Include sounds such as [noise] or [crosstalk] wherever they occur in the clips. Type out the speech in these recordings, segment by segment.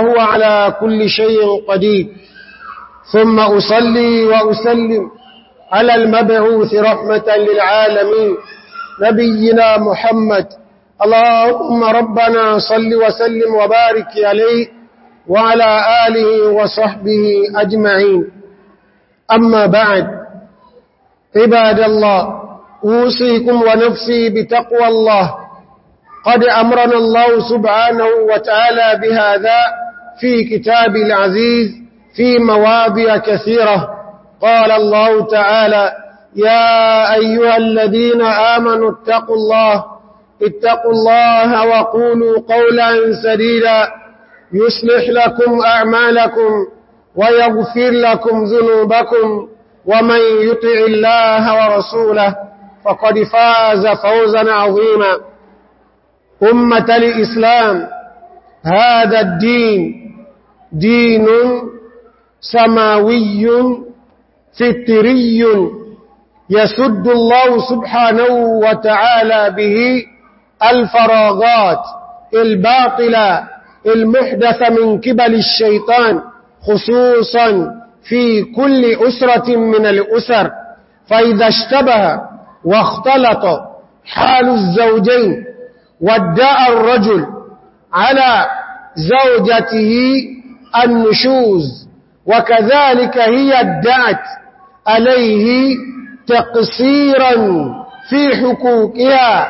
وهو على كل شيء قدير ثم أصلي وأسلم على المبعوث رحمة للعالمين نبينا محمد اللهم ربنا صل وسلم وبارك عليه وعلى آله وصحبه أجمعين أما بعد عباد الله أوصيكم ونفسي بتقوى الله قد أمرنا الله سبحانه وتعالى بهذا في كتاب العزيز في مواضع كثيرة قال الله تعالى يا أيها الذين آمنوا اتقوا الله اتقوا الله وقولوا قولا سديدا يصلح لكم أعمالكم ويغفر لكم ذنوبكم ومن يطع الله ورسوله فقد فاز فوزا عظيما أمة الإسلام هذا الدين دين سماوي فطري يسد الله سبحانه وتعالى به الفراغات الباطلة المحدثة من قبل الشيطان خصوصا في كل أسرة من الأسر فإذا اشتبه واختلط حال الزوجين وادعى الرجل على زوجته النشوز وكذلك هي ادعت عليه تقصيرا في حقوقها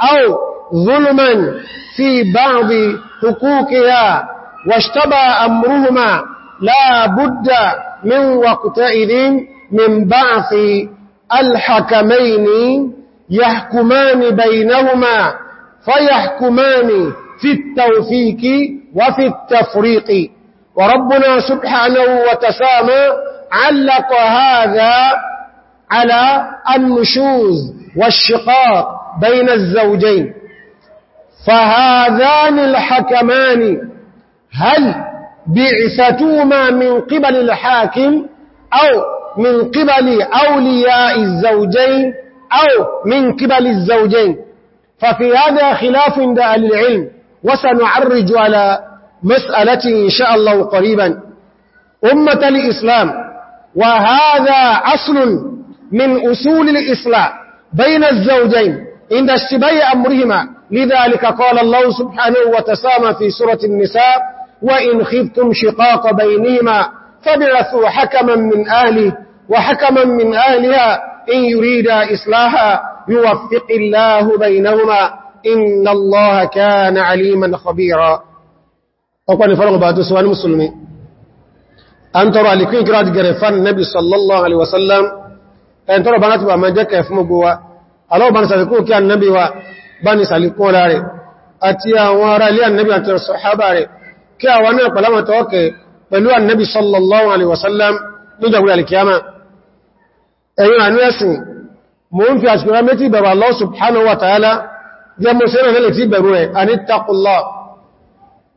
أو ظلما في بعض حقوقها واشتبى أمرهما لا بد من وقتئذ من بعث الحكمين يحكمان بينهما فيحكمان في التوفيق وفي التفريق وربنا سبحانه وتسامى علق هذا على النشوز والشقاق بين الزوجين فهذان الحكمان هل بعثتهما من قبل الحاكم أو من قبل أولياء الزوجين أو من قبل الزوجين ففي هذا خلاف عند العلم وسنعرج على مسألة إن شاء الله قريبا أمة الإسلام وهذا أصل من أصول الإسلام بين الزوجين عند اشتبي أمرهما لذلك قال الله سبحانه وتسامى في سورة النساء وإن خفتم شقاق بينهما فبعثوا حكما من أهله وحكما من أهلها إن يريد إصلاحا يوفق الله بينهما إن الله كان عليما خبيرا ọpọ̀ ni fọ́lọ́gbà tó síwá ní musulmi an tọrọ alikun ikira ti gẹ̀rẹ̀ fan nabi sallallahu alaihi wasallam ẹn tọrọ bá láti bá ma jẹ́ kẹfún gbogbo wa aláwọ̀ bá ní sàfikún kí an nabi wa bá ní sàlikún ọlá rẹ̀ àti àwọn ará ilé an nabi àti sọ̀hábà rẹ̀ kí àwọn náà pàlámọ̀tọ́ ọkẹ̀ pẹ̀lú an nabi sallallahu alaihi wasallam ní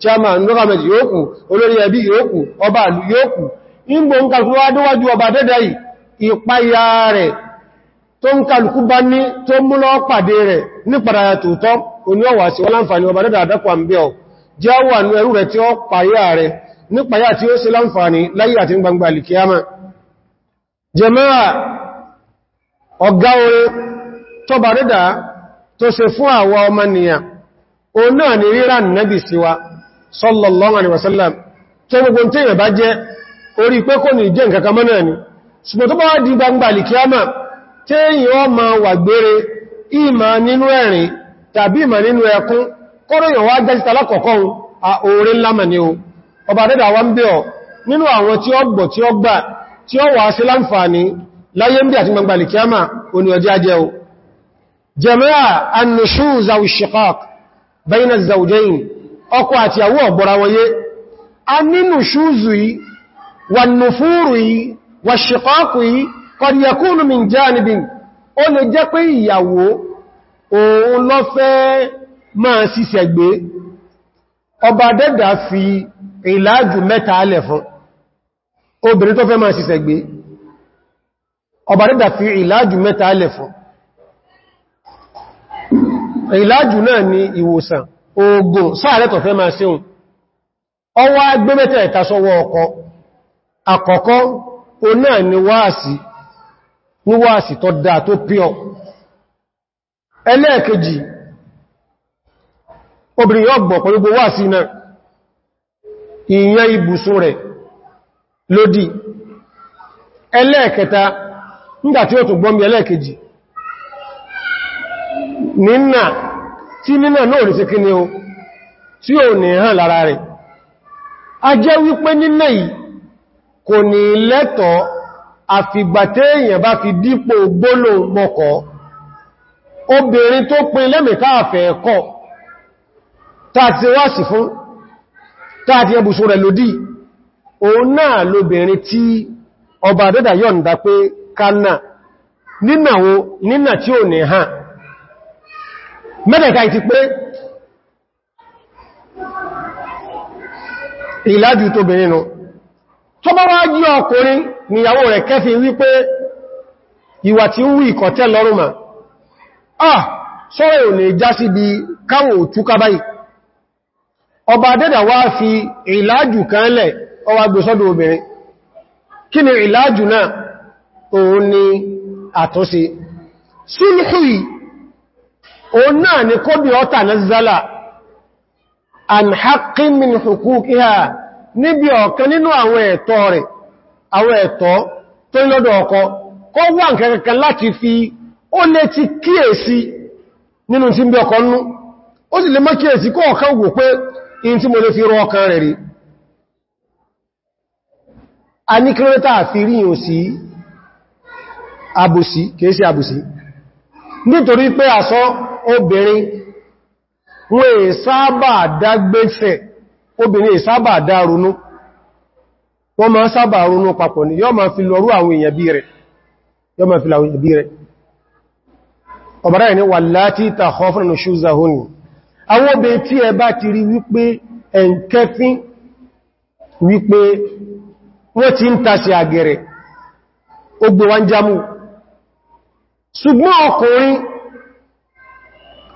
chairman nuramed yóò kù olórí ẹbí yóò kù ọba ìlú yóò kù ìgbò ń kàlùkù wá déwájú ọba dẹ́dẹ̀ yìí ìpáyà rẹ̀ tó ń kàlùkù bá ní tó múlọ pàdé rẹ̀ ní padàyà tòótọ́ oníọwà sí wọ́n láǹfààní ọba dẹ́dẹ̀ àdápọ̀ àmbẹ́ ọ jẹ́ wà ní ẹrú rẹ̀ tí ó náà ni ríra nẹ́bì síwá sallallahu alaihi wasallam tó gbogbo tí ìrẹ̀ bá jẹ́ orí pé kò ní jẹ́ nǹkan kamọ́ náà ni ṣùgbọ́n tó bá wá di gbangba alìkíyàmà tí èyàn ma wà gbére ìmà nínú ẹ̀rin tàbí ìmà nínú ẹkún kóròyàn wá jẹ́ títà lákọ̀ọ́kọ́ a oore ńlámà ni o ọba dẹ́dà wá ń bẹ́ ọ nínú àwọn tí ó gbọ̀ tí ó gbà tí ó wà sí láǹfààní láyé ń bí àti gbangba alìkíyàmà oní ajẹ́ o jẹ́mẹ́à annushuza wa shiqaq bayna az ọkọ àti àwọ ọ̀gbọ̀ra wọye a nínú ṣúzù yìí wà nùfúrù yìí wà ṣìkọ́kù yìí kọ̀dìyàkúnù min jánibin ó lè jẹ́ pé ìyàwó òun lọ fẹ́ máa síṣẹ̀ gbé ọba dẹ́dà fi mẹ́ta alẹ̀ fún obìnrin tó fẹ́ máa ọba dẹ́dà fi ìlàjù mẹ́ta alẹ̀ fún náà ni ogun sáàrẹ́ tọ̀fẹ́ máa ọwa ọwọ́ agbẹ́mẹ́tẹ̀ ìtasọwọ́ ọkọ àkọ́kọ́ o náà ni wáàsí ní wáàsí tọ́ dáa tó píọ̀ ẹlẹ́ẹ̀kejì obìnrin yóò gbọ̀ wáàsí náà ìyẹn ibùsùn rẹ̀ lódì ẹlẹ́ẹ̀kẹta nígbàtí ó tún gbọ́mí ẹlẹ́ẹ̀kejì tí nínà náà ní sí kí ni o tí ò ní hàn lára rẹ̀ a jẹ́ wípé nínà yìí kò ní lẹ́tọ̀ àfìgbàtẹ́ èèyàn bá fi dípò gbóòlò mọ́kọ̀ obìnrin tó pin lẹ́mìká àfẹ́ ẹ̀kọ́ tàti wá sí fún tàti ẹbùsùn rẹ̀ lòdí òun náà lóbìnrin tí ọba àdẹ́dà yọ̀ǹda pé kánà nínà tí ò mẹ́tẹ̀ẹ̀ta i pé ìlàjú tó bèèrè nù tó bá wá jí ọkùnrin níyàwó rẹ̀ kẹfì wípé ìwà tí ń wí ìkọ̀tẹ́ ma ah sọ́rọ̀ ò lè já sí bí káwò ọba dẹ́dà wá fi ìlàjú kan le ọwà gbèsọ́dọ̀ obìnrin kí ni ìlàjú náà òun ni àtúnṣe o náà ni kó bí ọta na zala an haqqin min huquqiha níbi ọ̀kan nínú àwọn ẹ̀tọ́ rẹ̀ eto ẹ̀tọ́ tó lọ́dọ̀ ọkọ kó wà nǹkankan láti fi ó le ti kíyèsí nínú tí ń bí ọkọ nú ó sì lè mọ́ kíyèsí kó ọ̀kan wò pé in tí mo lè fi rọ ọkàn rẹ̀ rí a ní kí lórí tàà fi ríyìn sí àbòsí nítorí pé obìnrin wọ́n è sábà dágbéfẹ̀ obìnrin è sábà dárunú wọ́n máa sábà runú papọ̀ ní yọ́ ma fi lọ́rú àwọn èèyàn bí rẹ̀ yọ́ ma fi lọ́rú èèyàn bí rẹ̀ ọ̀bára ẹni wà láti tàkọ́fún ní ti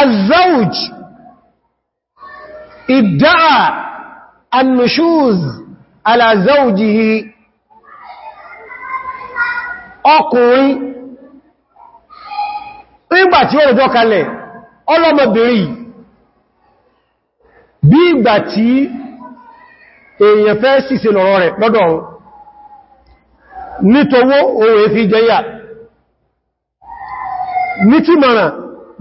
الزوج ادعى النشوز على زوجه ọkùnrin nígbà tí ó rọjọ́ kalẹ̀ ọlọ́mọbìnrin bí ìgbà tí èèyàn fẹ́ síse lọ́rọ̀ rẹ̀ lọ́dọ̀ ọ̀run nítowó òun èéfí jẹ́yà nítìmọ̀ràn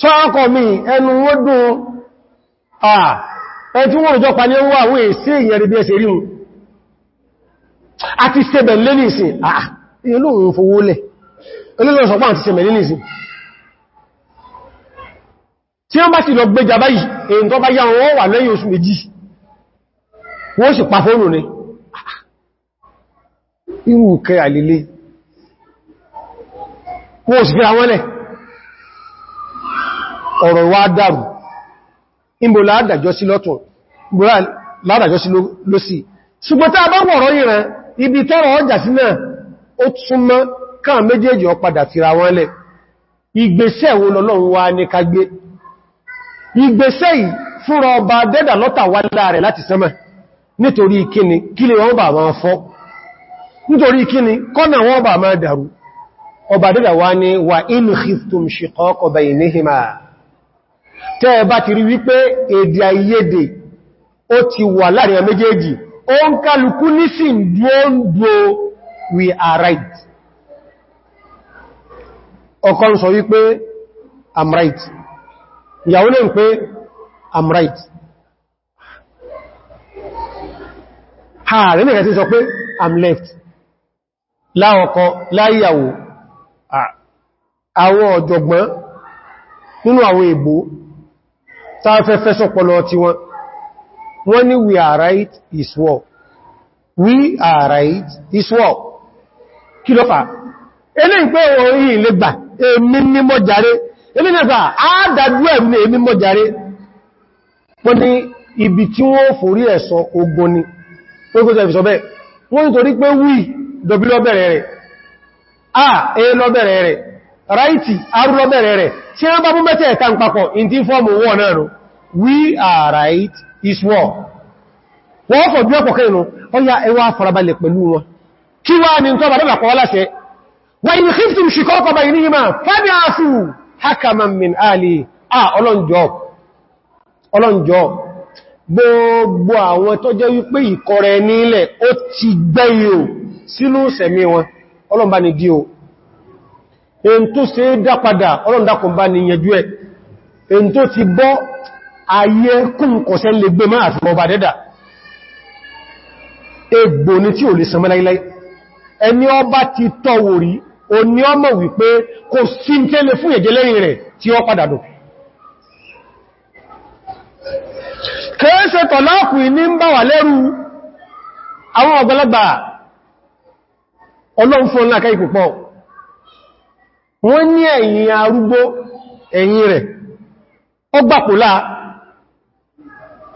sọ́ọ̀kọ̀ mi ẹnu wọ́n dùn àà ẹtí wọ́n rọ̀jọ́ pa ní ọwọ́ àwọn èsì èyàn rí bí ẹsẹ̀ ríun àti sẹ́bẹ̀ lẹ́nìsìn àà ilú òun fowó lẹ̀ olóòsọ̀pá àti sẹ́bẹ̀ lẹ́nìsìn tí wọ́n bá ti lọ gbéjà báyìí èyí tó bá yá wọn wà lẹ́yìn oṣù méjì wọ́n sì pa fóònù ni irú kẹ àlélé wọ́n sì fi àwọn lẹ̀ ọ̀rọ̀ wá dàrú ìbò ládàjọ́ sí lọ́tún ládàjọ́ sí ló sí ṣùgbọ́n tá a bá wọ̀rọ̀ ìrìn ibi tọ́rọ ọjà sí náà ó túnmọ́ káà méjèèjì ọpadà tira wọn lẹ̀ ìgbésẹ̀ wo lọ́lọ́run wá ní kagbé ìgbésẹ̀ yìí fúnra ọba dẹ́dà lọ́tà wá láàrẹ̀ láti sánmà nítorí kíni kí lè wọ́n bà máa fọ́ nítorí kíni kọ́nà wọ́n bà máa dàrú ọba dẹ́dà wá ní wà in khiftum shiqaqa baynihima tẹ́ ẹ bá ti rí wípé èdè àìyedè ó ti wà láàrin méjèèjì ó ń kálukú nísìn dúóndúó we are right ọkọ ń sọ wípé i'm right ìyàwó lè ń pé i'm right ààrẹ nìkan ti sọ pé i'm left láọkọ láyàwó àwọn ọ̀jọ̀gbọ́n nínú àwọn èbò tàfẹ́fẹ́ sọpọlọ ti wọn wọ́n ní we are right is war we are right is war kí ló fà ilé ìpé orí ilé gbà èmi ní mọ́ jàre èmi nípa àádájú ẹ̀rù ní èmi mọ́ jàre wọ́n ní ibi tí wọ́n forí ẹ̀sọ ogun ni ogun tẹ́fì sọ bẹ́ẹ̀ wọ́n nítorí pé we w lọ bẹ̀rẹ̀ rẹ̀ a a lọ ráìtì arúlọ bẹ̀rẹ̀ rẹ̀ tí wọ́n bá mú mẹ́tẹ̀ ẹ̀ta ń papọ̀ in tí fọ́ọ̀mù wọ́n náà rú we are right is war wọ́n fọ̀ bí ọ̀pọ̀ kẹrìnú ọya ẹwà farabalẹ̀ pẹ̀lú wọn kí wá ní tọ́bà dọ́bà kọ́ láṣẹ wà ní kíftum shiqaqa baynihima fab'athu hakaman min ahlihi à ọlọ́njọ́ ọlọ́njọ́ gbogbo àwọn tó jẹ́ wípé ìkọrẹ nílẹ̀ ó ti gbẹ́yò sínú sẹ̀mí wọn ọlọ́mbà ni díò èyí tó ṣe dá padà ọlọ́ndakùn bá ní yẹjú ẹ̀ èyí tó ti bọ́ ayé kún kọ̀ṣẹ́ lè gbé máa fi ọba dẹ́dà egbò ni tí ò lè sànmọ́ láíláí ẹni ọba ti tọ́wò rí o ní ọmọ wípé kò sí tẹ́lẹ̀ fún ẹ̀jẹ́ lẹ́yìn rẹ̀ tí ó padà dùn kẹ́ẹ́sẹ̀ tọ̀láàkù wọ́n ní ẹ̀yìn arúgbó ẹ̀yìn rẹ̀ ó gbàpòlá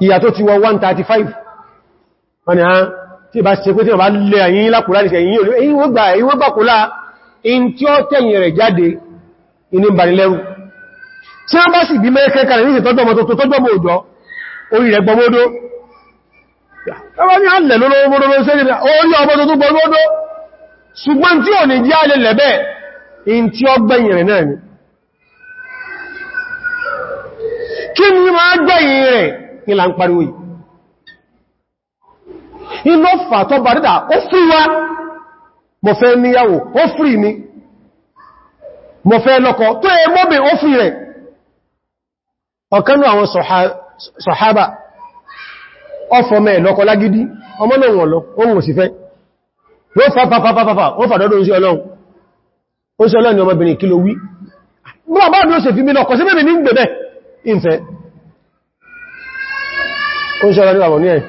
ìyà tó ti wọ 135 wọ́n ni a ah, tí bá ṣe pé tí wọ́n bá lè ẹ̀yìn lápòlá ní ẹ̀yìn olú èyí wọ́n gbàpòlá in tí ó tẹ̀yìn rẹ̀ jáde inú ìbànilẹ́rù tí wọ́n bá sì bí mẹ́rẹ́kẹ́kẹ́ ṣùgbọ́n tí ò ní jẹ́ alẹ́lẹ̀bẹ́ẹ̀ in tí ó gbẹ̀yìn rẹ̀ náà ni kí ni máa gbẹ̀yìn rẹ̀ ìlà ń pariwo yìí inú fà tó ó fún wa mo fẹ́ níyàwó ó fún mi mo fẹ́ lọ́kọ tó ẹ mọ́bẹ̀ ó fún rẹ̀ ọ̀kanú àwọn sọ̀hábà ọfọ̀ mẹ́ lọ́kọ lágídí ọmọ náà wọ̀n lọ ohun òsìfẹ́ ló fà pàpàpàpà ó fà dọ́dún sí ọlọ́run ó sí ọlọ́ni ọmọbìnrin kí ló wí bọ́ọ̀bá ló ṣe fi mí lọ́kọ̀ sí mẹ́rin ní gbẹ̀bẹ̀ ìfẹ́ ó sí ọlọ́ni àwọn ní ẹ̀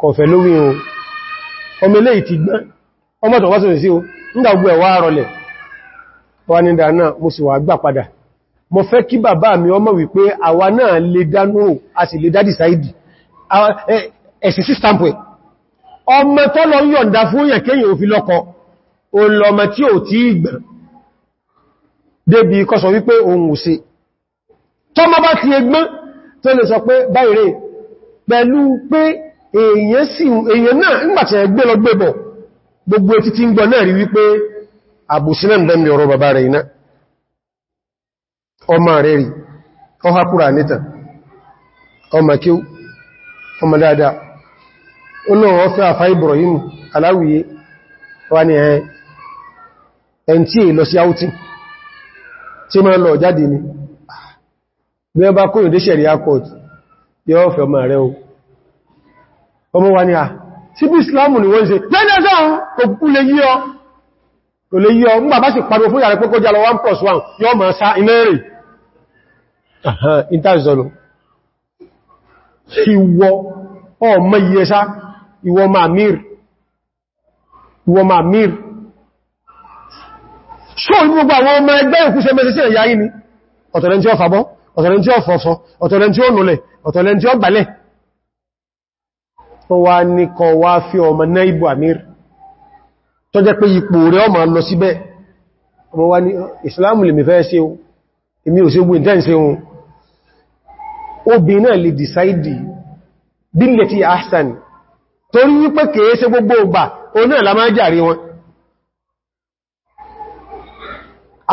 kọ̀fẹ́ ló wí ohun ọmọ ilé ìtì gbọ́n ọmọ tó wá sí o nígbà gbogbo ẹ̀wà rọlẹ̀ wà ní dáná mo sì wà gbà padà mo fẹ́ kí bàbá mi ọmọ wípé àwa náà lè dánú a sì lè dádì sáìdì ẹ̀sì sí stamp ọmọ tọ́lọ yọ̀ǹda fún yẹ̀kẹ́yìn òfin lọ́kọ̀ọ́ o lọmọ tí ò tí ìgbà débi kọsọ̀ wípé ohun òsì tó mọ́ bá ti ẹgbọ́n e tó lè sọ pé báyìí pẹ̀lú pé èèyàn náà nígbàtí ẹgbẹ́ lọ gbẹ́bọ̀ gbogbo etí ti ń gbọ́ náà rí wípé àbòsílẹ̀ mẹ́mí àfá Ibrahim aláwìyé wá ní ẹ̀ ẹn tí è lọ sí outing tí ma lọ jáde ní bí wọ́n bá kó ìdí ṣẹ̀rí airport yóò fẹ́ ọmọ rẹ̀ o ọmọ wa ni a sí bí islamu ni wọ́n ṣe jẹ́jẹ́jẹ́ òkú lè yí ọ kò lè yí ọ plus 1 yóò máa sá iná rẹ̀ ìtàzọ̀lù ìwọ ọmọ ìyẹsá ìwọ mamir ìwọ mamir ṣó inú gbogbo àwọn ọmọ ẹgbẹ́ òkú ṣe mẹ́sẹ̀ sí ẹ̀yà yìí ni ọ̀tọ̀lẹ́ tí ó fàbọ́ ọ̀tọ̀lẹ́ tí ó fọ́fọ́ ọ̀tọ̀lẹ́ tí ó nulẹ̀ ọ̀tọ̀lẹ́ tí ó gbàlẹ̀ ó wá ní kọ wá fi ọmọ náìbù amir tó jẹ́ pé ipò rẹ̀ ọmọ ahsan torí wípé kèé sí gbogbo ọgbà oní àlámájàrí wọn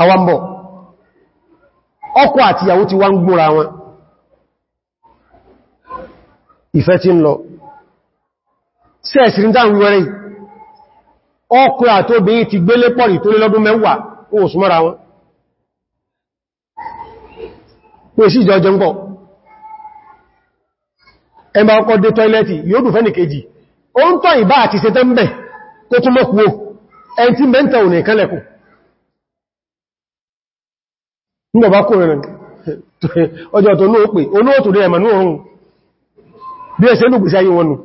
àwambọ̀ ọkọ àti ìyàwó ti wá ń gbúra wọn ìfẹ́ ti ń lọ sí ẹ̀sìrí dáa wíwẹ́rẹ́ ọkọ àti obìnrin ti gbélé pọ̀rì tó lé lọ́dún mẹ́wàá o súnmọ́ra wọn pé sí ìjọjẹ́ ń pọ̀ ẹmbà ọkọ̀ dé tọ́ilẹ́tì yóò dùn fẹ́nì kejì ó ń tọ́ ìbá àti ṣe tẹ́ nígbà bá kó rẹ̀ ọjọ́ tó ní ó pè olóòtò rẹ̀ ẹ̀mà ní oòrùn bí ẹ̀ṣẹ́ ló gbèsè ayé wọn nù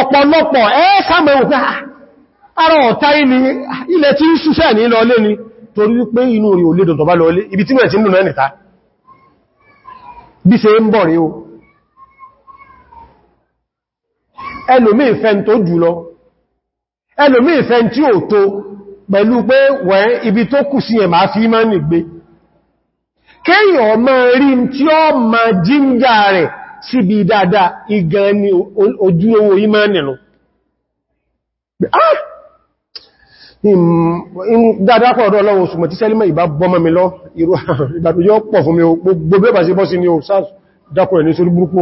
ọ̀pọ̀lọpọ̀ ẹ́ sàmẹ̀wò pé ah, ara ilẹ̀ tí ń ṣúṣẹ́ ní ilẹ̀ ni torí inú olé ẹlòmí ìfẹ́ tí ó tó pẹ̀lú pé wẹ́n ibi tó kù sí ẹ̀mà fi mọ́ nìgbé kéyàn ọmọ rí tí ó ma jíngà rẹ̀ síbi dáadáa igan ni ojú owó ah! imá nìlú dáadáa pọ̀ ọ̀dọ́ ọlọ́run ṣùgbọ́n tí sẹ́límọ̀ ìbá bọ́mọ́ mi lọ irú ìgbàtòjọ́ pọ̀ fún mi gbogbo bẹ́bà sí bọ́sí ni ó sáàsù dákọ̀ ẹ̀ ní sórí burúkú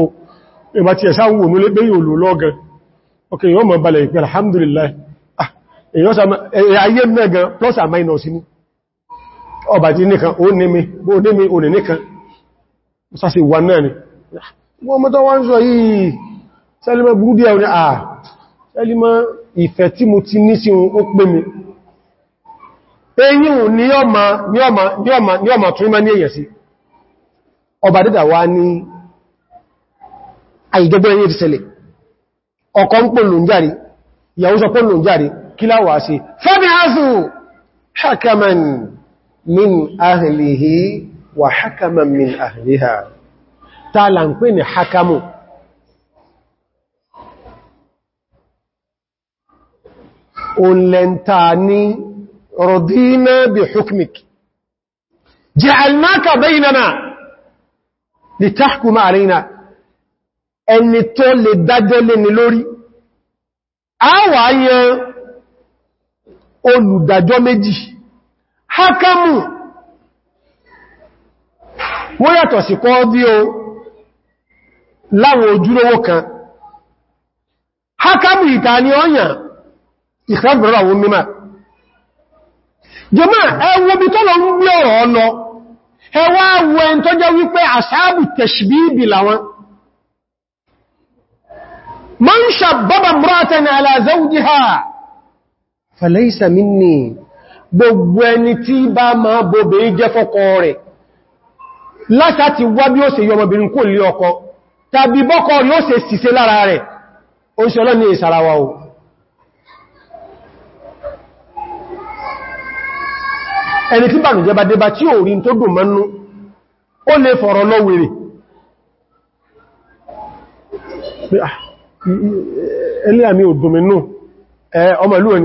ìbá ti ẹ̀sáwò ní olébẹ́yìn olóògán ọkẹ̀ yóò mọ̀ balẹ̀ ìpẹ̀ alhamdulillah ayé mẹ́gan plus and minus ní ọba ti nìkan ó ní mi bó ní mi ò ní nìkan sáṣì wà náà ni wọ́n mọ́ tó wá ń sọ yìí sẹ́límọ́ burú díẹ̀ ní àà sẹ́límọ́ ìfẹ́ tí mo ti ní sí ohun ó pé mi eyín ní ọmọ ní ọmọ ní ọmọ tún mẹ́ ní èyẹ̀ sí ọba dídà wá ní àìjọgbọ́ ẹyẹ ti ṣẹlẹ̀ ọkọ ń pò lòun járe ìyàwó sọ pò lòun járe kíláwà sí fẹ́bíhásù hakaman min ahìlìhì wà hakaman min ahìlìhà tààlà ní hakamu òlẹ̀ntà ní rọ̀dínà bí hukmik ja'alnaka baynana li tahkuma alayna ẹni tó lè dájọ́ lé ní lórí a wà yẹn olùdàjọ́ méjì hákámù wọ́n yàtọ̀ sí kọ́ bí o láwọn ojúlówó kan hákámù ìta ni ọ̀yàn ìkẹ́gbẹ̀rọ àwọn mímọ̀ jẹmọ́ ẹwọ bí tọ́lọ ń gbé ọ̀rọ̀ ọlọ ẹwà awọ ẹn tó wípé àsáàbù tẹ̀ṣbíbì làwọn man shabbaba imra'atan ala zawjiha fàlẹ́ìsà mi ní gbogbo ẹni tí bá máa bóbe jẹ́ fọ́kọ rẹ̀ látà ti wá bí ó se yọ ọmọbìnrin kò lé ọkọ tàbí bọ́kọ yóò se ṣìṣe lára rẹ̀ ó ṣe ọlọ́ ní o ẹni tí tí ò rí tó dùn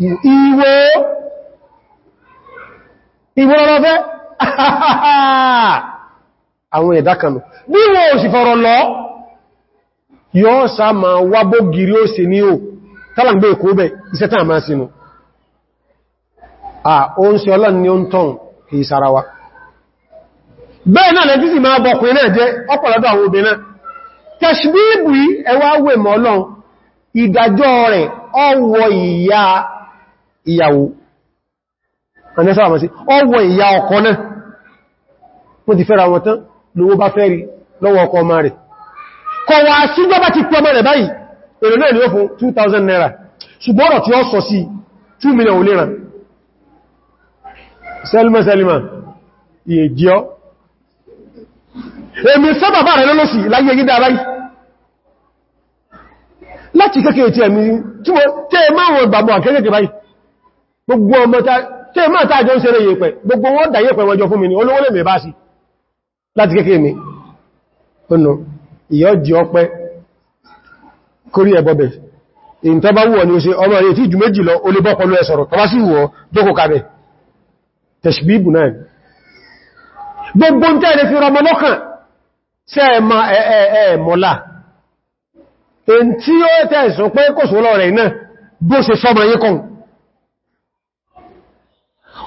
ìwé ìwé ọlọ́fẹ́ [laughs] àwọn ìdákanu bí wọ́n ò sì fọ̀rọ̀ lọ sá ma wábó gírí ó sì ní ò tàbí èkó bẹ̀ iṣẹ́ tàà máa sínú à ó ń ọlọ́n ni ó ń tọ́n kì sára wa bẹ́ẹ̀ náà lẹ́tí sì máa bọ̀kùnrin náà jẹ́ ọ̀pọ̀lọpọ̀ àwọn obìnrin tẹ̀ṣbíbù ẹwà wèmọ́ ọlọ́run rẹ̀ ọwọ́ ìyá ìyàwó ọwọ́ ìyá ọkọ náà wọ́n ti fẹ́ra wọn tán lówó bá fẹ́ rí lọ́wọ́ ọkọ ọmọ rẹ̀ kọwà síjọba ti pọ̀ mẹ́rẹ̀ báyìí èrò náà ni ó fún 2000 naira ṣùgbọ́n ọ̀rọ̀ tí ó sọ sí 2 million ò lera Selma Selma iye jíọ́ èmi sábàbà rẹ̀ lọ́lọ́sì láyé yí dára láti kéèkéè tí ẹ̀mí tí mo tẹ́ máa wọn ìgbàmọ̀ àkẹ́kẹ́ báyìí gbogbo ọmọ tí ẹmọ́ tààjọ́ ń ṣeré yẹ̀pẹ̀ gbogbo wọ́n dà yẹ̀pẹ̀ wọjọ fún mi ní olówó lè mẹ́ bá sí láti kékeré mi ọ̀nà ìyọ́jì ọpẹ́ kórí ẹ̀bọ̀bẹ̀ ìntọ́bá wùwọ̀ ni ó ṣe ọmọ rẹ̀ tí jù méjì lọ olébọ́pọ̀lú ẹ̀sọ̀rọ̀ tọ́bá sí wùwọ́ dókò kabẹ̀ tẹ̀ṣbíbù náà gbogbo ń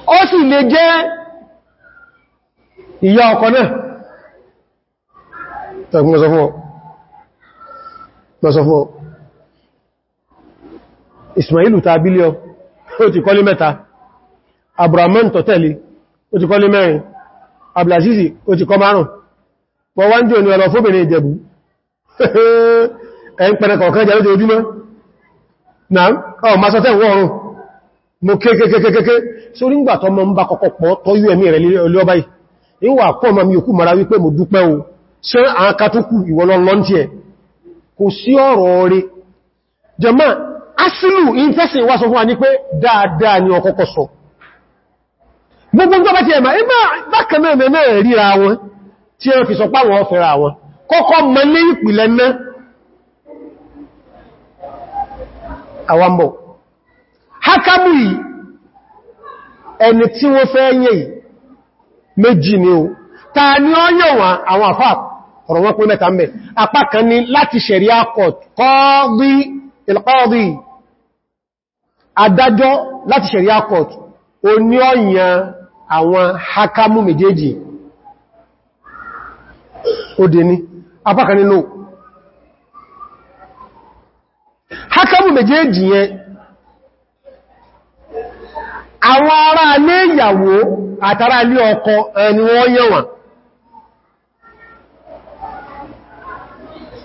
ó sì lè jẹ́ ìyá náà tàbí ọ mọ́sọ fún ọ Ismailu ta bílíọ̀ ó ti kọ́lé mẹ́ta Abraman tọ̀tẹ̀lé ó ti kọ́lé mẹ́rin ó ti kọ́ márùn wọ́n wá ń ọlọ fóbìnrin Ìjẹ̀bú [laughs] ẹ̀ ń pẹ̀rẹ̀ kọ̀ọ̀kan jẹ́ ma sọ mo kekekekeke so ngbà tọ́mọ ń bá kọ́kọ́ pọ̀ tọ́yú ẹ̀mí rẹ̀ lórí ọba yìí ìwà pọ̀ ma mi òkú mara wípé mo dúpẹ́ o ṣe àwọn katókù ìwọ̀lọ́ lọ́ntí ẹ̀ kò sí ọ̀rọ̀ rẹ̀ jẹma asìlù ìfẹ́sì wá sọ fún wa ní pé dáadáa ni ọkọ́kọ́ gbogbo tó ti ẹ̀mà ibá bákan náà mẹ́rẹ̀ ríra wọn tí fi sọ páwọn ọ̀fẹ́ra hákámù yìí ẹni tí wọ́n fẹ́ yẹ yìí méjì ni o ta ni ó yàn wá àwọn àfá ọ̀rọ̀ wọn pín mẹ́ta mẹ́ apá kan ni láti ṣẹ̀rí àkọ̀tí ìlọ́ọ̀dí adájọ́ láti ṣẹ̀rí àkọ̀tí o ní ó yàn àwọn méjèèjì yẹn àwọn ará alé ìyàwó àtàrà alé ọkọ ẹni wọ́n yẹ̀wọ̀n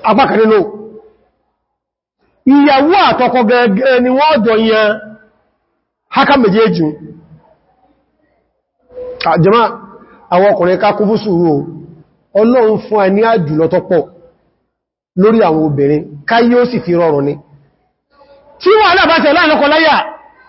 apákanínú ìyàwó àtọkọ gẹ́gẹ́ ni wọ́n jọ yẹn haka méjèèjì àjẹ́mà àwọn ọkùnrin ká kú fúsùrú ọlọ́run fún ẹni àjùlọ tọ́pọ̀ lórí àwọn obìnrin káyé ó sì fi rọrùn ni tí wọ́n alábáṣẹ̀ láàrín ọkọ láyà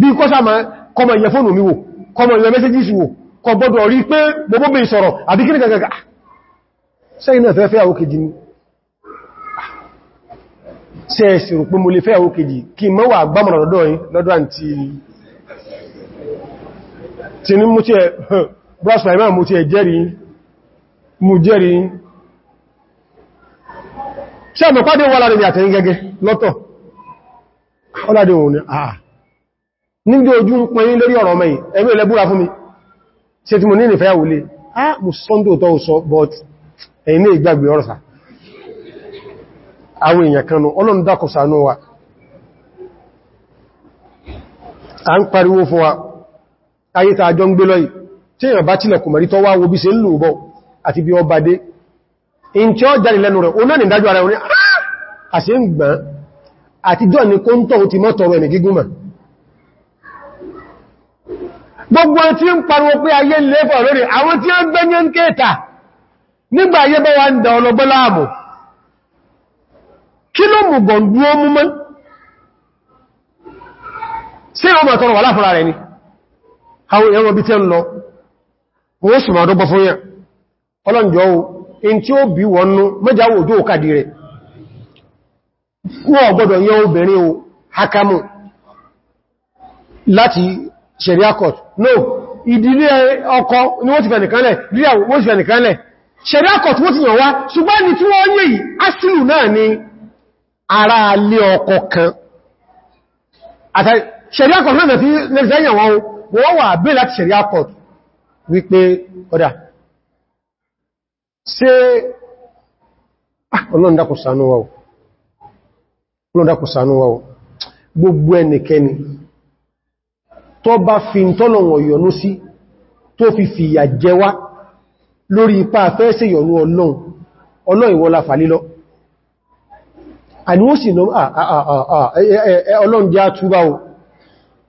bí kọ́ sáàmà kọmọ ìyẹ fóònù mi wò kọmọ ìyẹ mẹ́sẹ́jìsì wò kọ gbọdọ̀ rí pé gbogbo bèèrè sọ̀rọ̀ àbí kí ní gagaga sẹ́yìn náà fẹ́ fẹ́ àwọ́ kejì ní sẹ́ẹ̀sì rò pé mo lè fẹ́ àwọ́ kejì kí mọ́ wà gbámọ̀rọ̀ lọ́dọ̀ yìí lọ́dọ̀ àti àtẹ̀yìn gẹ́gẹ́ lọ́tọ̀ ọládé òun ni àà níbi ojú ń pín lórí ọ̀rọ̀ mẹ́yìn ẹgbẹ́ ilẹ̀búra fún mi ṣe tí mo ní ìfẹ́ àwòlé a mú sọ́ndò tó sọ but ẹ̀yìn ní ìgbàgbé ọ̀rọ̀sà àwọn èèyàn kanú ọlọ́run dákọ̀sà wa a ń pariwo fún ta bá tilẹ̀ kùmọ̀rí tó bí àti ti mọ́ tọrọ gbogbo tí ń pariwo pé ayé lẹ́fọ̀ lórí àwọn tí ó gbẹ́yẹ ń kéta nígbà ayé abụ wa ń dà ọlọ́gbọ́ láàmù kí ló mú gbọ̀ngbú ó mọ́ sí ọmọ tọrọ wà láfúra rẹ̀ ni àwọn èèyàn bí tẹ́ o láti sharia court no ìdílé ọkọ ni wọ́n ti fẹ̀ nìkanlẹ̀ ìdíyàwó wọ́n ti fẹ̀ nìkanlẹ̀ sharia court wọ́n ti yàn wá ṣùgbọ́n ni tí wọ́n yẹ yìí asìlù náà ni ara alé ọkọ kan àtàrí sharia court náà fi lẹ́gbẹ̀ẹ́yàn wọn wọ́n wà bẹ́ láti sharia court wípé ọ̀dà ṣe ah, ọlọ́ndakùsánú wa gbogbo ẹnikẹni tó bá fi ń tọ́lọ̀ ọ̀yọ̀nú sí tó fi fìyà jẹ wá lórí ipá fẹ́ẹ́sẹ̀ yọ̀nú ọlọ́run ọlọ́run ìwọlá fàlílọ́ àníwòsì ọlọ́run jẹ́ àtúbá o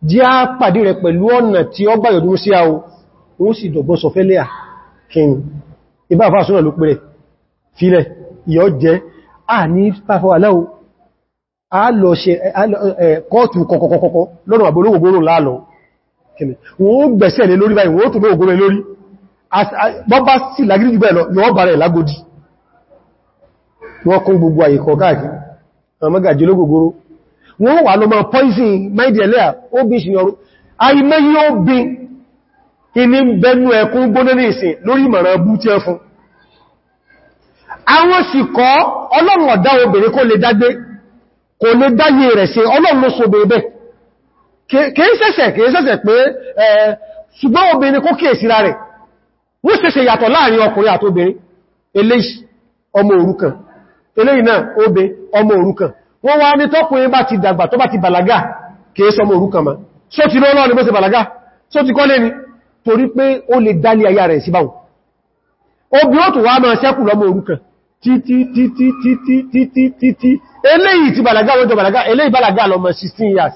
jẹ́ á pàdé rẹ̀ pẹ̀lú ọ̀nà tí ó gbà yọ̀nú sí àwọ wọ́n sì dọ̀gbọ́ sọ fẹ́lẹ́ à kìí ibá fà súnà ló pẹ̀rẹ̀ filẹ̀ ìyọ́ jẹ́ à ní pàfọ́ kọ́ọ̀tù kọ̀kọ̀kọ̀kọ̀ lọ́nà àbólógbòrò láàlọ́wọ́ wọ́n gbẹ̀ṣẹ̀ lé lórí báyìí wọ́n tó bẹ́ ògúnrẹ lórí bọ́bá sí lágírí jù bẹ́ẹ̀ lọ yọ́ bàrẹ̀ lágódí wọ́n kún gbogbo àyíkọ̀ káàkiri poison bẹnu mara efu. si àwọn sì ọlọ́run ọ̀dá obìnrin kò lè dágbé kò lè dáyé rẹ̀ kìí ṣẹ̀ṣẹ̀ kìí ṣẹ̀ṣẹ̀ pé ṣùgbọ́n obìnrin kó kíyèsí ra rẹ̀ wọ́n ṣẹ̀ṣẹ̀ yàtọ̀ láàrin ọkùnrin àti obìnrin eléyìí ọmọ òrukàn eléyìí náà obe ọmọ òrukàn wọ́n wá ní tọ́kùnrin bá ti dàgbà tó bá ti bàlágà kìí ṣọmọ òrukàn ma só ti lọ́lọ́ ni bó ṣe bàlágà só ti kọ́lé ni torí pé ó lè dálé aya rẹ̀ sí báwọn obi ó tó wá máa ṣẹ́kù lọ́mọ òrukàn títí títí títí títí títí eléyìí ti bàlágà wọ́n jọ bàlágà eléyìí bàlágà lọ́mọ 16 years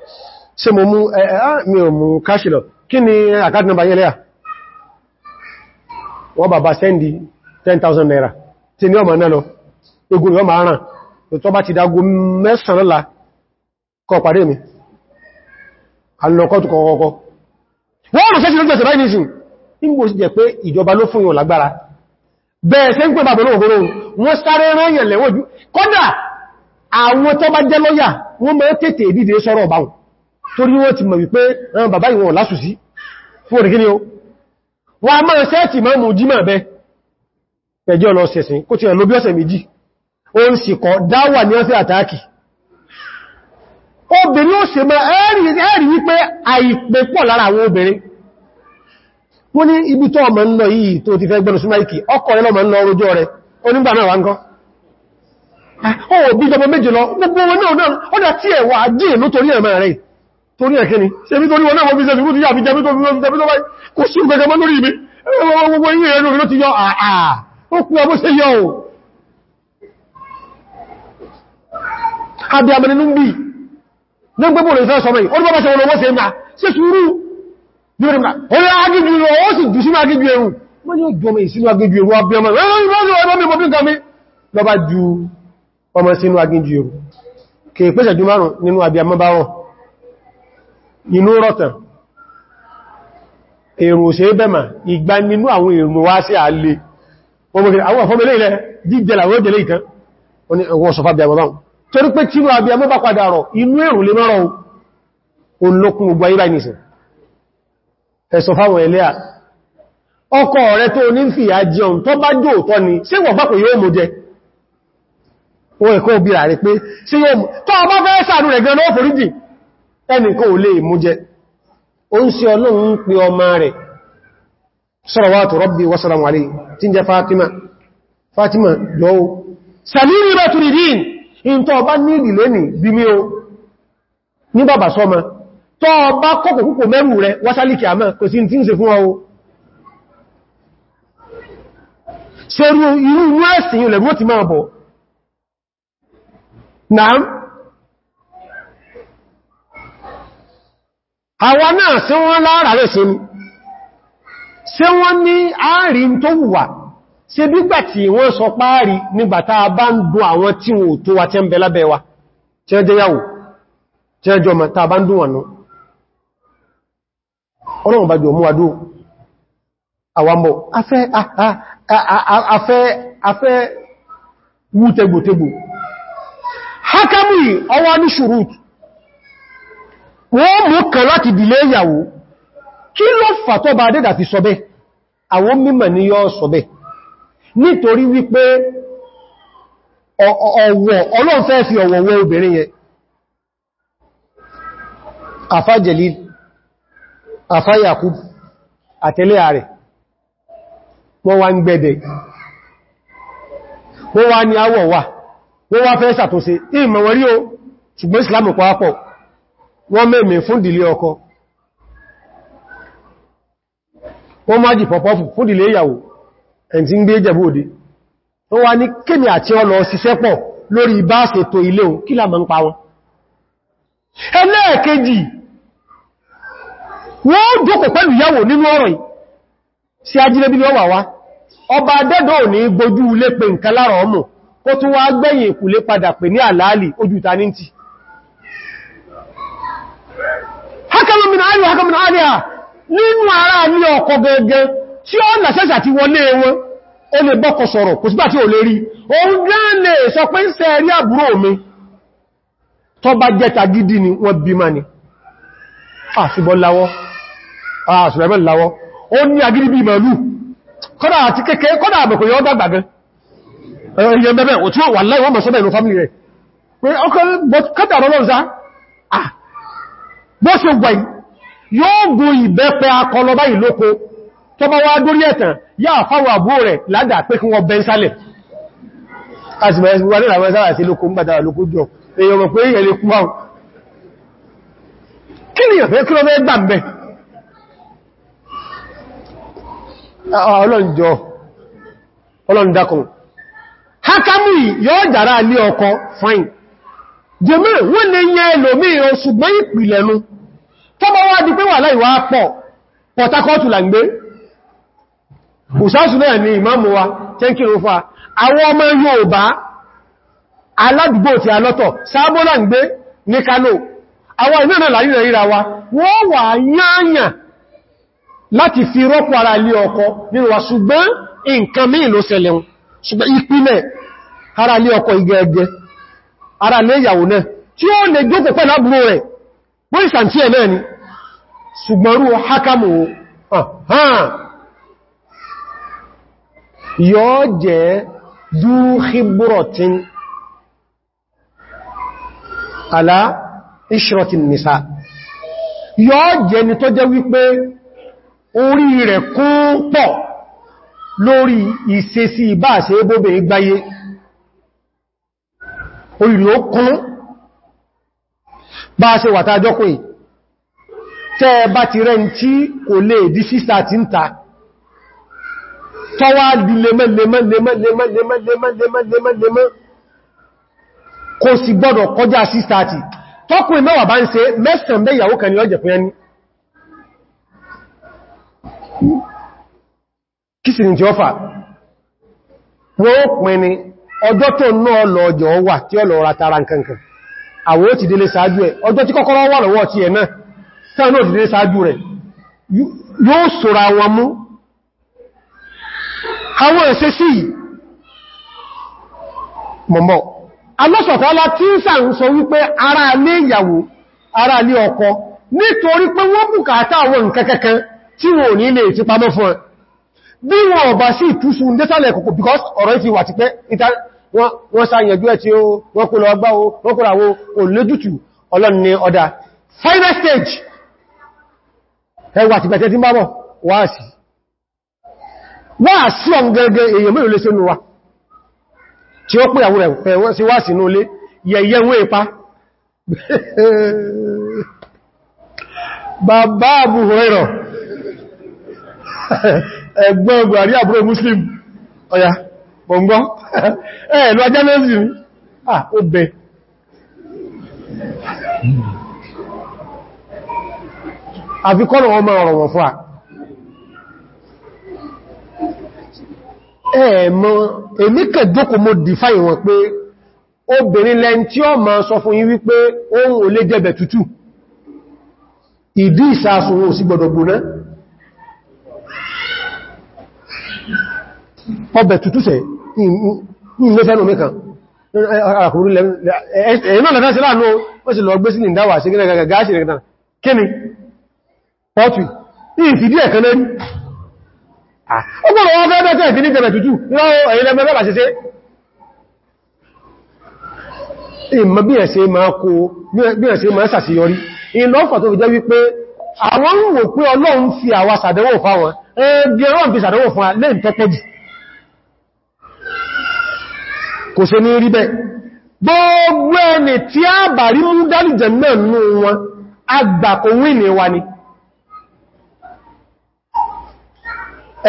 ṣe mo mú ah, mi ò mú káṣì lọ kí ni àkáàdì nọmbà yẹn lẹ́yà wọ́n bàbá sẹ́ndì 10,000 naira tí ní ọmọ náà lọ ogun ìwọ́n máa ràn tó bá ti dágún mẹ́sànlá kọ pàdé mi alọ́kọ́tù kọ̀ọ̀kọ́ wọ́n rọ̀ sẹ́sì lọ́jọ́ ìsẹ̀bá ìníṣìn nígbò sí jẹ́ pé ìjọba ló fún yàn lágbára bẹ́ẹ̀ sẹ́ ń pẹ́ bàbá lóògbòrò wọ́n sáré àwọn tó bá jẹ́ lọ́yà wọ́n mọ́ tètè ìdíde sọ́rọ̀ báwọn torí wọ́n ti mọ̀ wípé ẹran bàbá ìwọ̀n lásùsí fún òrìkí ni ó wà a máa sẹ́ẹ̀tì máa mú jí máa bẹ́ ẹjẹ́ ọ̀nà ọ̀sẹ̀sìn kó ti ẹ̀lóbí ọ̀sẹ̀ méjì ó kọ dáwà ní àtàkì obìnrin ó se máa ẹ̀rí wípé pọ̀ lára àwọn obìnrin ń fẹ́ torí ẹ̀kẹ́ ni ṣe bí torí wọn náà wọ́n fi ṣe ṣùgbọ́n ti yà fi jẹbi tó fi jẹbi tó báyìí kò sí ìgbẹ̀gẹ̀ mọ́ lórí ibi ẹgbẹ̀rẹ̀ gbogbo inú ẹ̀rọ ló ti yọ àà ó kú ọmọ ṣe yọ ò àbí abẹninú bí nígbẹ́gbò lè fẹ́ sọ mẹ́yìn orí bọ́bá ṣe olówó ṣe máa ṣe sùúrù bí orí máa orí agíjú rọ ó sì jù sínú agíjú ẹrù wọ́n ni ó jọ mẹ́ ìsínú agíjú ẹrù abẹ́ ọmọ ẹ̀rọ ìrọ́lù ẹ̀rọ mi mọ̀bí nǹkan mi lọ bá ju nínú abẹ́ ọmọ inú rọ̀tàn èrò ṣe bẹ́mà ìgbà nínú àwọn èrò wá sí wa àwọn ọ̀fọ́mẹ́lẹ́ ilẹ̀ jíjẹ làwọn òjèlé ìtàn wọ́n sọ fàbí àmọ́báwọn torí pé tí wọ́n abẹ́ mọ́bá padà rọ̀ inú èrò lè mọ́rọ̀ ni wọ́n pé yóò tó fẹ́ sàánú rẹ̀ gan ẹnìkó ò lè mú jẹ ó ń sí ọlọ́run ń pè ọmọ rẹ̀ sọ́rọ̀wàtò rọ́bí wasalamu alẹ́ tí ń jẹ Fatima Fatima yóò sàmírì bá turi dín in tó bá ní ìdílé ní bí mí o ní bàbá sọ́mọ tó bá kọ́kọ̀ púpọ̀ mẹ́rù rẹ̀ wásálìkì àmà kò sí tí ń ṣe fún ọ ṣe àwọn náà sí wọ́n lára rẹ̀ sí ni sí wọ́n ní àárín tó wà ṣe bígbà wọ́n sọ páàrí nígbàtá bá ń dùn àwọn tí tó wà tí ń lábẹ́ wa tí ẹjẹ́ yàwó tí ẹjọ́ ń dùn wọn ọlọ́run bá wọ́n mú kan láti dìlé ìyàwó kí ló fà tó bá dédà fi sọ́bẹ̀ àwọn mímọ̀ ni yóò sọ́bẹ̀ nítorí wípé ọ̀wọ̀ ọlọ́run fẹ́ fi ọ̀wọ̀ wọ obìnrin yẹn àfá Jalil àfá Yakub àtẹ́lẹ́ ààrẹ wọ́n wá ń gbẹ̀dẹ̀ wọ́n wá ní àwọ̀ wà wọ́n wá fẹ́ ṣàtúnṣe ìmọ̀wọ̀rí o ṣùgbọ́n Islam pàápọ̀ wọ́n mẹ́mẹ́ fún dìlé ọkọ wọ́n má jì pọ̀pọ̀ fún dìlé ìyàwó ẹni tí ń gbé jẹ̀bú òde tó wá ní kémi àti ọlọ ṣiṣẹ́ pọ̀ lórí ìbáṣètò ilé o kí lámọ́ ń pa wọn ẹlẹ́ẹ̀kejì wọ́n jókòó pẹ̀lú ìyàwó nínú ọ̀rọ̀ yìí ni ọwà wá ọba adẹ́dọ̀ ní gbójú ilé pé nǹkan lára ọmọ kó tún wá gbẹ̀yìn hákàmù mìnà àríwá hákàmù mìnà àríwá nínú ara ní ọkọ̀ gẹ́gẹ́ tí ó lẹ̀ṣẹ́sà ti wọlé wọn ó lè bọ́kọ̀ sọ̀rọ̀ kò sígbà tí ò lè rí òun gánlẹ̀ sọ pé ń sẹ rí àbúrò mi tó bá gidi ni wọ́n bí ma ni ah láwọ́ àṣùgbọ́n láwọ́ ah, ó ní agidi bí màlúù kọ́dà àti kékeré kọ́dà àbẹ̀kọ̀ yọ́ dàgbà gan ẹ̀yẹn bẹ́bẹ̀ òtí wọ́n wà láì wọ́n mọ̀ sọ́bẹ̀ ìlú fámílì rẹ̀ pé ọkọ̀ kọ́dà rọ́lọ́ bó ṣe gbà yóò gbò ìbẹ́pẹ akọlọba ìlóko tó bá wá dórí ẹ̀tàn yá fáwọn àbúrò rẹ̀ ládà pé kí wọ́n bẹ́ń sálẹ̀ ọlọ́njọ́ ọlọ́ndakùn hakamu yóò dára ní ọkọ̀ fine jẹ́mọ́ wọ́n lè yẹ ẹlòmí ṣùgbọ́n ìpìlẹ̀ mú tó bọ́ wá di pé wà láìwá pọ̀ pọ̀takọ́tù là òṣàṣù náà ni ìmáàmù wa tẹ́kìrò ọmọ Yorùbá aládùgbò ti alọ́tọ̀ sábó là ní Kano àwọn ìpìlẹ̀ ara ara ní ìyàwó náà tí ó lè jókòó pẹ̀lú àbúrò rẹ̀ wọ́n ìsàntí ẹ̀ náà ni ṣùgbọ́nrú hakamu ah, ah. yóò jẹ́ dúkìbúrọ̀tín alá ìṣrọ̀tín nìsá yóò jẹ́ ni tó jẹ́ wípé orí rẹ̀ kún pọ̀ lórí ìṣesí ìbáṣe bóbe gbáyé olùrí ó kún bá ṣe wà tàjọ́ pé tẹ́ bá ti rẹ̀ tí kò lè di sísà tí ń ta tọ́wà di lemẹ́lemẹ́lemẹ́lemẹ́lemẹ́lemẹ́lemẹ́lemẹ́lemẹ́ kò sì gbọ́dọ̀ kọjá sísà tí tọ́kùn mẹ́wàá bá ń ṣe mẹ́sàn kí sì ni tí ó fà wọ́n pẹ̀ni ọjọ́ tó náà lọ ọjọ́ wà tí ọ lọ ra tara nkankan àwọ̀ ti délé sáájú ẹ̀ ọjọ́ tí kọ́kọ́rọ́ wà lọ́wọ́ ti ẹ̀ náà tán ti délé sáájú rẹ̀ yóò wọn mú àwọn ẹ̀ṣẹ́ sí mọ̀mọ́ alọ́sọ̀tọ́lá tí ń sà ń sọ wípé ara alé ìyàwó ara alé ọkọ nítorí pé wọ́n bùkátà àwọn nǹkan tí ò ti pamọ́ fún ẹ bí ọ̀bá sí ìtúsùn dẹ́sàlẹ̀ kòkò ọ̀rọ̀ wọ́n sáyẹ̀jú ẹ̀ tí ó wọ́n kó lọ ọgbá o wọ́n kó ràwọ́ olójútù ọlọ́ni ọ̀dá final stage ẹwà ti bẹ̀tẹ̀ tí ń bábọ̀ wáàsí wáàsí ọ̀n gẹ́gẹ́ èèyàn mẹ́rin lè ṣe nù wa tí ó pè àwọn ẹ̀wọ́n sí [laughs] [laughs] Muslim oh, yeah ọ̀gbọ́ ẹ̀lú ajá lẹ́sì rí à ó bẹ àfikọ́nà wọn máa ọ̀rọ̀ wọ̀n fún à ẹ̀ẹ̀mọ́ èmì kẹjọ́kù mo dìfáì wọn pé obìnrin lẹ́n tí ó máa sọ fún yín wípé ohun ò lè jẹ́bẹ̀ tútù ìdí ìsásun wọn ò sí gbọdọ̀ gbóná ọbẹ̀ tútù sẹ́yìn ìmẹ́fẹ́nù mi kan arákùnrin ẹ̀yìn náà lẹ́fẹ́ sí láàánú wọ́n sì lọ gbé sí ní ìdáwà sí gẹ́gẹ́gẹ́ gáàsì rẹ̀ kíni pọ́tù ìfìdí ẹ̀kan lẹ́rí ọgbọ̀rọ̀ wọ́n fẹ́ bẹ́ẹ̀ ìfìdí jẹ́bẹ̀ tútù lọ́wọ́ ẹ̀yìn lẹ́mẹ́rẹ́ bà sí sí ìmọ̀ bí ẹ̀ṣe máa kó bí ẹ̀ṣe máa sàṣeyọrí ìlọ́fà tó fi jẹ́ wípé àwọn ń wò pé Ọlọ́run fi àwa sàdẹ́wò fáwọn ẹgbẹ̀rún fi sàdẹ́wò fún alẹ́ ìtọ́pọ̀jù kò ṣe ní rí bẹ́ gbogbo ẹni tí a bà rí mú dálìjẹ̀ náà nú wọn agbàkòwé ní wa ni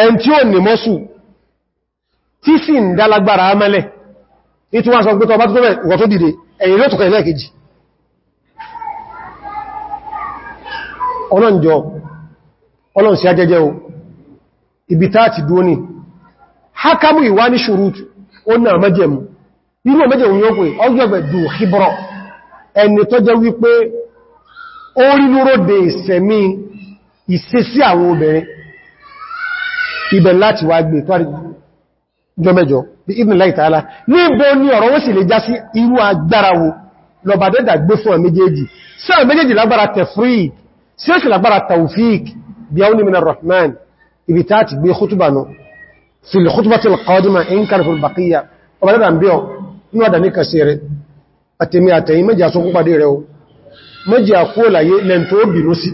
ẹn tí ó ní mọ́sù tí sì ń dálágbára amẹ́lẹ̀ ìtúwà sọ pé tọba tó bẹ̀ ìwọ̀ tó dìde ẹ̀yìn ló tọ̀kẹ̀ lẹ́ẹ̀kejì ọlọ́njọ́ ọlọ́n ó náà mẹ́jẹ̀mù irú méjì òun yóò pè ọgbẹ̀gbẹ̀ dù hìbọ̀rọ̀ ẹni tó jẹ́ wípé ó rí lúródé ìsẹ̀mí ìṣesí àwọn obìnrin ibẹ̀ láti wá gbé tó jọmẹjọ bí ni ọ̀rọ̀ ó sì lè já sí irú agbára wo lọba dẹ́dà gbé fún méjèèjì sáà méjèèjì lágbára tefrik sí ó sì lágbára taufik rahman ibi tá ti fil khutubati al-qadima in karfil baqiya ń bí ọ inú àdàmí kan sí rẹ̀ àtẹ̀mí àtẹ̀yìn méjì àsọkú pàdé rẹ̀ o méjì àkó láyé lẹ́ntó bìnú sí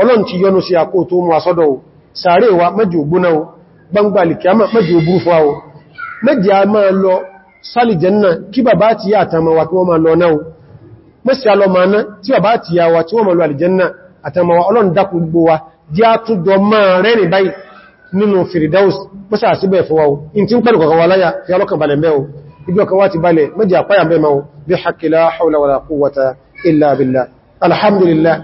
ọlọ́n ti yọnu sí àkó tó mú asọ́dọ̀ o sàárè wa méjì ògbóná o gbangbàlì kíámà méjì òbúrú fún o méjì a máa lọ sálì jẹ́nà kí bàbá àti yá àtàmà wa kí wọ́n máa lọ náà mẹ́sì alọ máa ná ń pẹ̀lú kọ̀kọ̀ wa láyà fi ọlọ́kàn mẹ́ o ibi ọkà wá ti balẹ̀ méjì àpáyà mẹ́mọ́ bí hakila haula wala quwwata illa billah alhamdulillah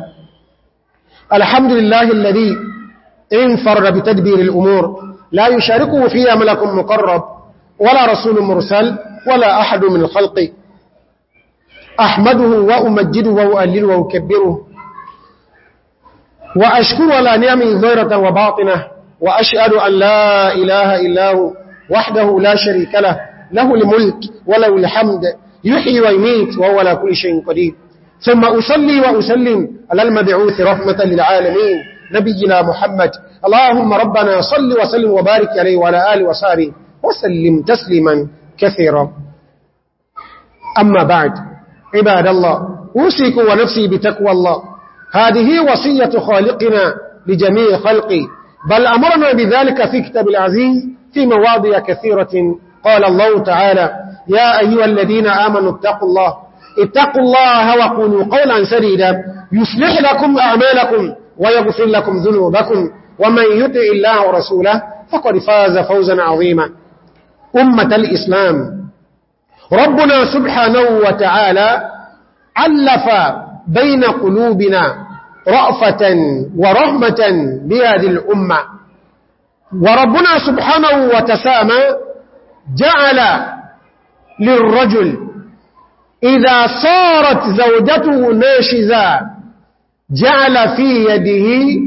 alhamdulillah alladhi انفرد بتدبير الأمور لا يشاركه فيها ملك مقرب ولا رسول مرسل ولا أحد من الخلق أحمده وأمجده وأؤلله وأكبره وأشكر على نعمه ظاهرة وباطنة وأشهد أن لا إله إلا هو وحده لا شريك له له الملك وله الحمد يحيي ويميت وهو على كل شيء قدير ثم أصلي وأسلم على المبعوث رحمة للعالمين نبينا محمد اللهم ربنا صل وسلم وبارك عليه وعلى آله وصحبه وسلم تسليما كثيرا أما بعد عباد الله أوسيك ونفسي بتقوى الله هذه وصية خالقنا لجميع خلقه بل أمرنا بذلك في كتاب العزيز في مواضع كثيرة قال الله تعالى يا أيها الذين آمنوا اتقوا الله اتقوا الله وقولوا قولا سديدا يصلح لكم أعمالكم ويغفر لكم ذنوبكم ومن يطع الله ورسوله فقد فاز فوزا عظيما أمة الإسلام ربنا سبحانه وتعالى علف بين قلوبنا رأفة ورحمة بهذه الأمة وربنا سبحانه وتسامى جعل للرجل إذا صارت زوجته ناشزا جعل في يده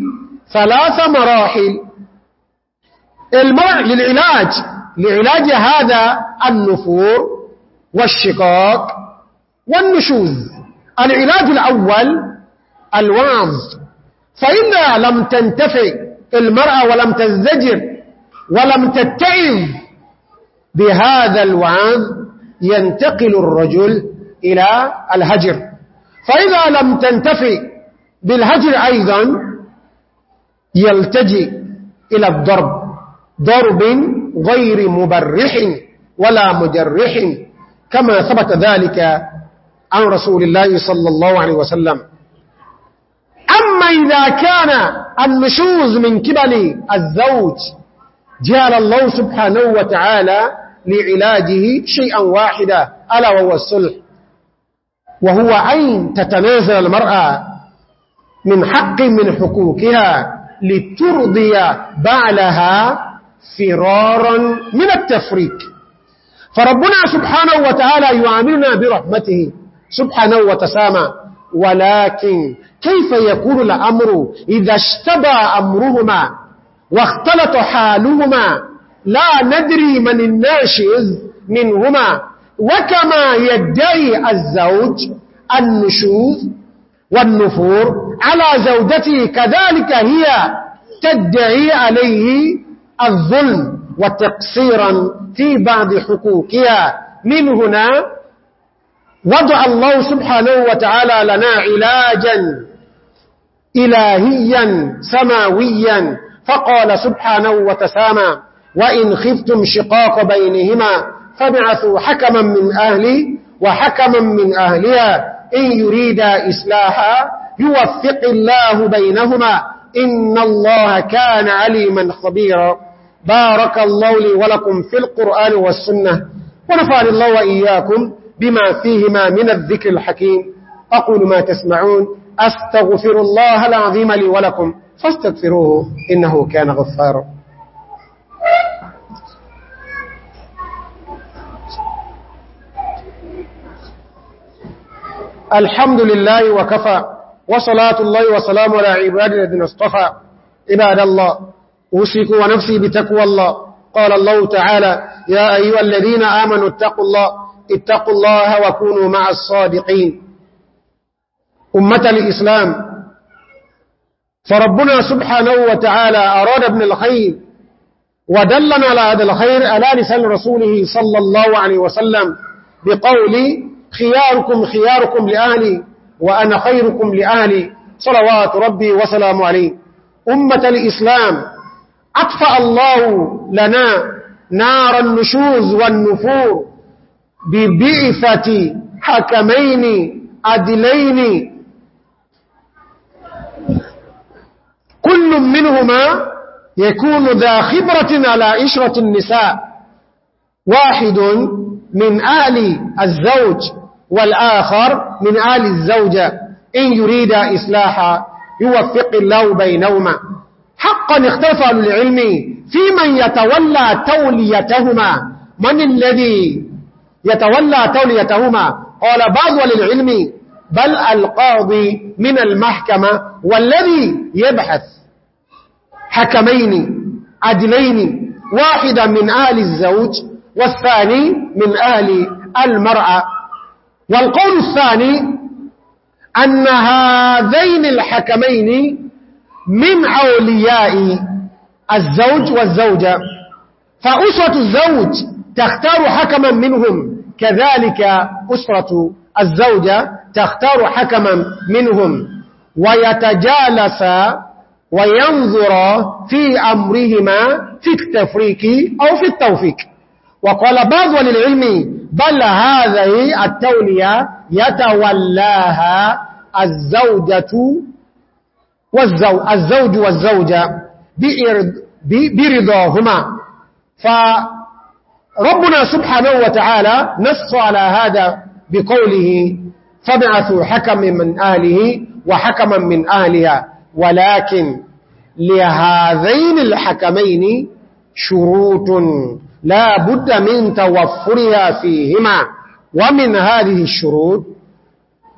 ثلاث مراحل للعلاج لعلاج هذا النفور والشقاق والنشوز العلاج الأول الوعظ فإذا لم تنتفي المرأة ولم تزدجر ولم تتعظ بهذا الوعظ ينتقل الرجل إلى الهجر فإذا لم تنتفي بالهجر أيضا يلتجي إلى الضرب ضرب غير مبرح ولا مجرح كما ثبت ذلك عن رسول الله صلى الله عليه وسلم أما إذا كان النشوز من قبل الزوج جعل الله سبحانه وتعالى لعلاجه شيئا واحدا ألا وهو السلح وهو أين تتنازل المرأة من حق من حقوقها لترضي بعلها فرارا من التفريق فربنا سبحانه وتعالى يعاملنا برحمته سبحانه وتسامى ولكن كيف يكون الأمر إذا اشتبى أمرهما واختلط حالهما لا ندري من الناشئ منهما وكما يدعي الزوج النشوذ والنفور على زوجته كذلك هي تدعي عليه الظلم وتقصيرا في بعض حقوقها من هنا وضع الله سبحانه وتعالى لنا علاجا إلهيا سماويا فقال سبحانه وتسامى وإن خفتم شقاق بينهما فابعثوا حكما من أهلي وحكما من أهلها إن يريد إسلاحا يوفق الله بينهما إن الله كان عليما خبيرا بارك الله لي ولكم في القرآن والسنة ونفعل الله وإياكم بما فيهما من الذكر الحكيم أقول ما تسمعون أستغفر الله العظيم لي ولكم فاستغفروه إنه كان غفارا الحمد لله وكفى وصلاة الله وسلام على عباد الذين اصطفى عباد الله أوشك ونفسي بتقوى الله قال الله تعالى يا أيها الذين آمنوا اتقوا الله اتقوا الله وكونوا مع الصادقين أمة الإسلام فربنا سبحانه وتعالى أراد ابن الخير ودلنا على هذا الخير ألا لسان رسوله صلى الله عليه وسلم بقوله خياركم خياركم لأهلي وأنا خيركم لأهلي صلوات ربي وسلام عليه أمة الإسلام أطفأ الله لنا نار النشوز والنفور ببعثة حكمين عدلين كل منهما يكون ذا خبرة على إشرة النساء واحد من آل الزوج والآخر من آل الزوجة إن يريد إصلاحا يوفق الله بينهما حقا اختفى للعلم في من يتولى توليتهما من الذي يتولى توليتهما قال بعض للعلم بل القاضي من المحكمة والذي يبحث حكمين عدلين واحدا من آل الزوج والثاني من آل المرأة والقول الثاني أن هذين الحكمين من أولياء الزوج والزوجة فأسرة الزوج تختار حكما منهم كذلك أسرة الزوجة تختار حكما منهم ويتجالس وينظر في أمرهما في التفريق أو في التوفيق وقال بعض للعلم بل هذه التولية يتولاها الزوجة والزوج, الزوج والزوجة برضاهما فربنا سبحانه وتعالى نص على هذا بقوله فبعثوا حكم من أهله وحكما من أهلها ولكن لهذين الحكمين شروط لا بد من توفرها فيهما ومن هذه الشروط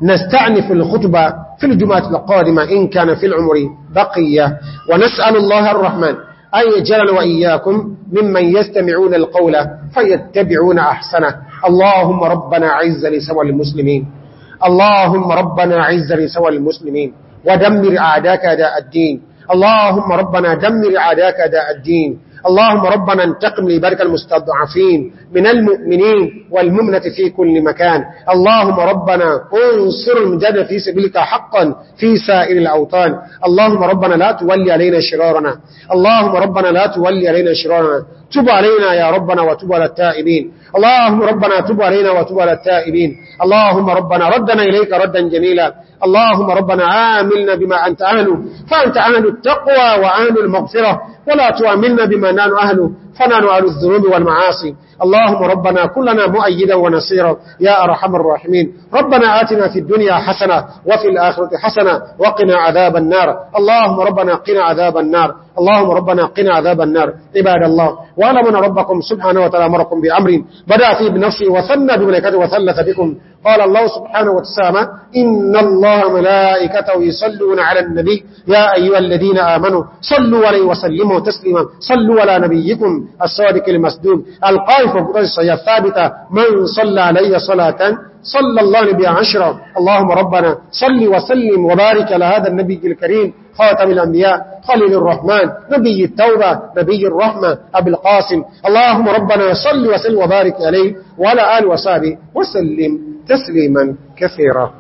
نستعنف الخطبة في الجمعة القادمة إن كان في العمر بقية ونسأل الله الرحمن أن يجعل وإياكم ممن يستمعون القول فيتبعون أحسنه اللهم ربنا عز لسوى المسلمين اللهم ربنا عز لسوى المسلمين ودمر أعداك أداء الدين اللهم ربنا دمر أعداك أداء الدين اللهم ربنا انتقم لبارك المستضعفين من المؤمنين والمؤمنة في كل مكان اللهم ربنا انصر المجد في سبيلك حقا في سائر الأوطان اللهم ربنا لا تولي علينا شرارنا اللهم ربنا لا تولي علينا شرارنا تب علينا يا ربنا وتب على التائبين اللهم ربنا تب علينا وتب على التائبين اللهم ربنا ردنا إليك ردا جميلا اللهم ربنا عاملنا بما أنت أهله فأنت أهل التقوى وأهل المغفرة ولا تعاملنا بما نان أهله فنان أهل الذنوب والمعاصي اللهم ربنا كلنا مؤيدا ونصيرا يا أرحم الراحمين ربنا آتنا في الدنيا حسنة وفي الآخرة حسنة وقنا عذاب النار اللهم ربنا قنا عذاب النار اللهم ربنا قنا عذاب النار عباد الله وعلمنا ربكم سبحانه وتعالى أمركم بأمر بدأ فيه بنفسه وثنى بملكته وثلث بكم قال الله سبحانه وتسامى إن الله ملائكته يصلون على النبي يا أيها الذين آمنوا صلوا عليه وسلموا تسليما صلوا على نبيكم الصادق المسدوم القائف قرصة الثابتة من صلى علي صلاة صلى الله نبي عشرة اللهم ربنا صل وسلم وبارك على هذا النبي الكريم خاتم الأنبياء خليل الرحمن نبي التوبة نبي الرحمة أبي القاسم اللهم ربنا صل وسلم وبارك عليه وعلى آل وسابه وسلم تسليما كثيرا